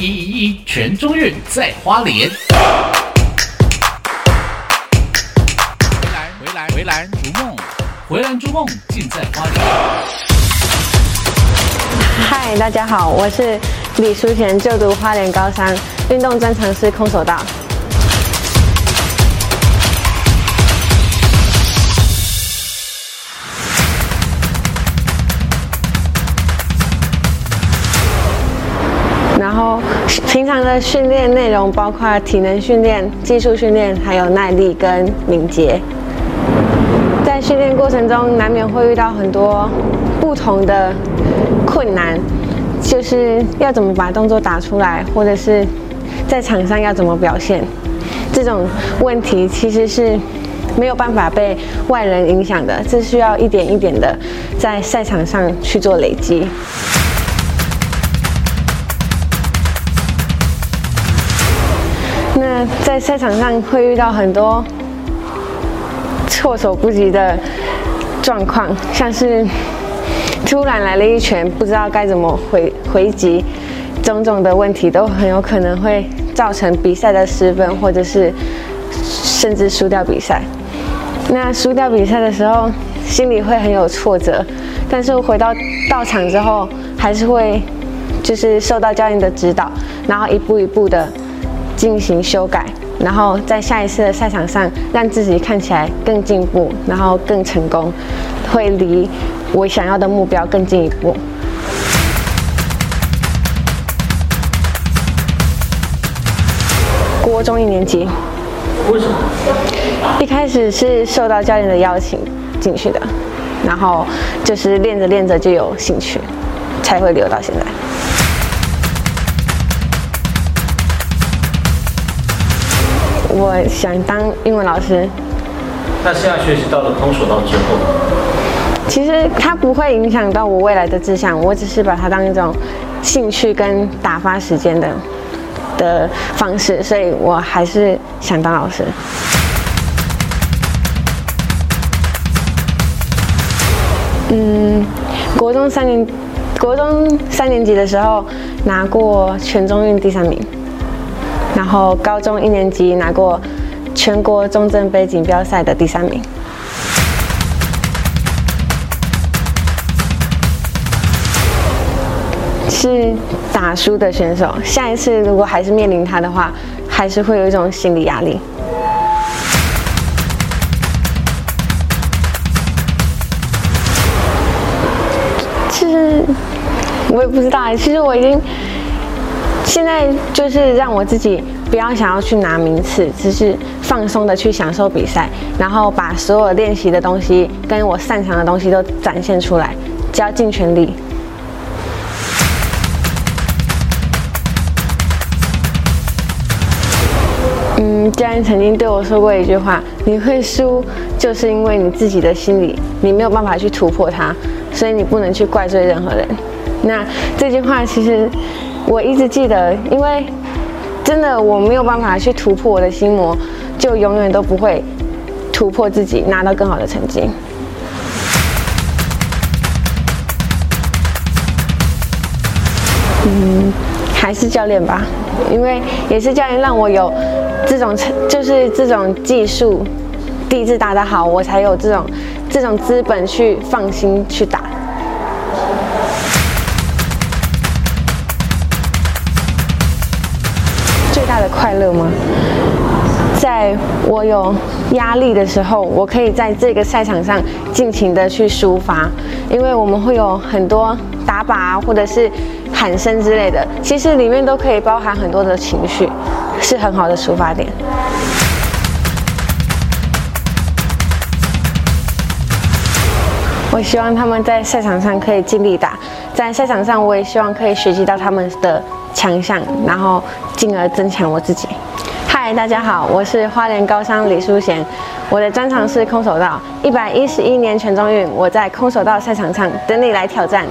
一一一，全中運，在花蓮。洄瀾洄瀾洄瀾，逐夢洄瀾，洄瀾逐夢盡在花蓮。嗨，大家好，我是李淑賢，就讀花蓮高三，運動專長是空手道。然後，平常的訓練內容包括體能訓練、技術訓練，還有耐力跟敏捷。在訓練過程中，難免會遇到很多不同的困難，就是要怎麼把動作打出來，或者是，在場上要怎麼表現。這種問題其實是沒有辦法被外人影響的，這需要一點一點的在賽場上去做累積。那在賽場上會遇到很多措手不及的狀況，像是突然來了一拳，不知道該怎麼回回擊，種種的問題都很有可能會造成比賽的失分，或者是甚至輸掉比賽。那輸掉比賽的時候，心裡會很有挫折，但是我回到道場之後，還是會就是受到教練的指導，然後一步一步的。進行修改，然後在下一次的賽場上讓自己看起來更進步，然後更成功，會離我想要的目標更進一步。國中一年級，為什麼？一開始是受到教練的邀請進去的，然後就是練着練着就有興趣，才會留到現在。我想當英文老師，那現在學習到了空手道之後，其實它不會影響到我未來的志向，我只是把它當一種興趣跟打發時間的的方式，所以我還是想當老師。嗯，國中三年，國中三年級的時候拿過全中運第三名。然後高中一年級拿過全國中正杯錦標賽的第三名，是打輸的選手。下一次如果還是面臨他的話，還是會有一種心理壓力。其實我也不知道，哎，其實我已經。現在就是讓我自己不要想要去拿名次，只是放鬆的去享受比賽，然後把所有練習的東西跟我擅長的東西都展現出來，只要盡全力。嗯，教練曾經對我說過一句話：“你會輸，就是因為你自己的心理，你沒有辦法去突破它，所以你不能去怪罪任何人。那”那這句話其實。我一直記得，因為真的我沒有辦法去突破我的心魔，就永遠都不會突破自己，拿到更好的成績。嗯，還是教練吧，因為也是教練讓我有這種成，就是這種技術，底子打得好，我才有這種這種資本去放心去打。的快樂嗎？在我有壓力的時候，我可以在這個賽場上盡情的去抒發，因為我們會有很多打靶啊，或者是喊聲之類的，其實裡面都可以包含很多的情緒，是很好的抒發點。我希望他們在賽場上可以盡力打，在賽場上我也希望可以學習到他們的。強項，然後進而增強我自己。嗨，大家好，我是花蓮高商李淑賢，我的專長是空手道。一百一十一年全中運，我在空手道賽場上等你來挑戰。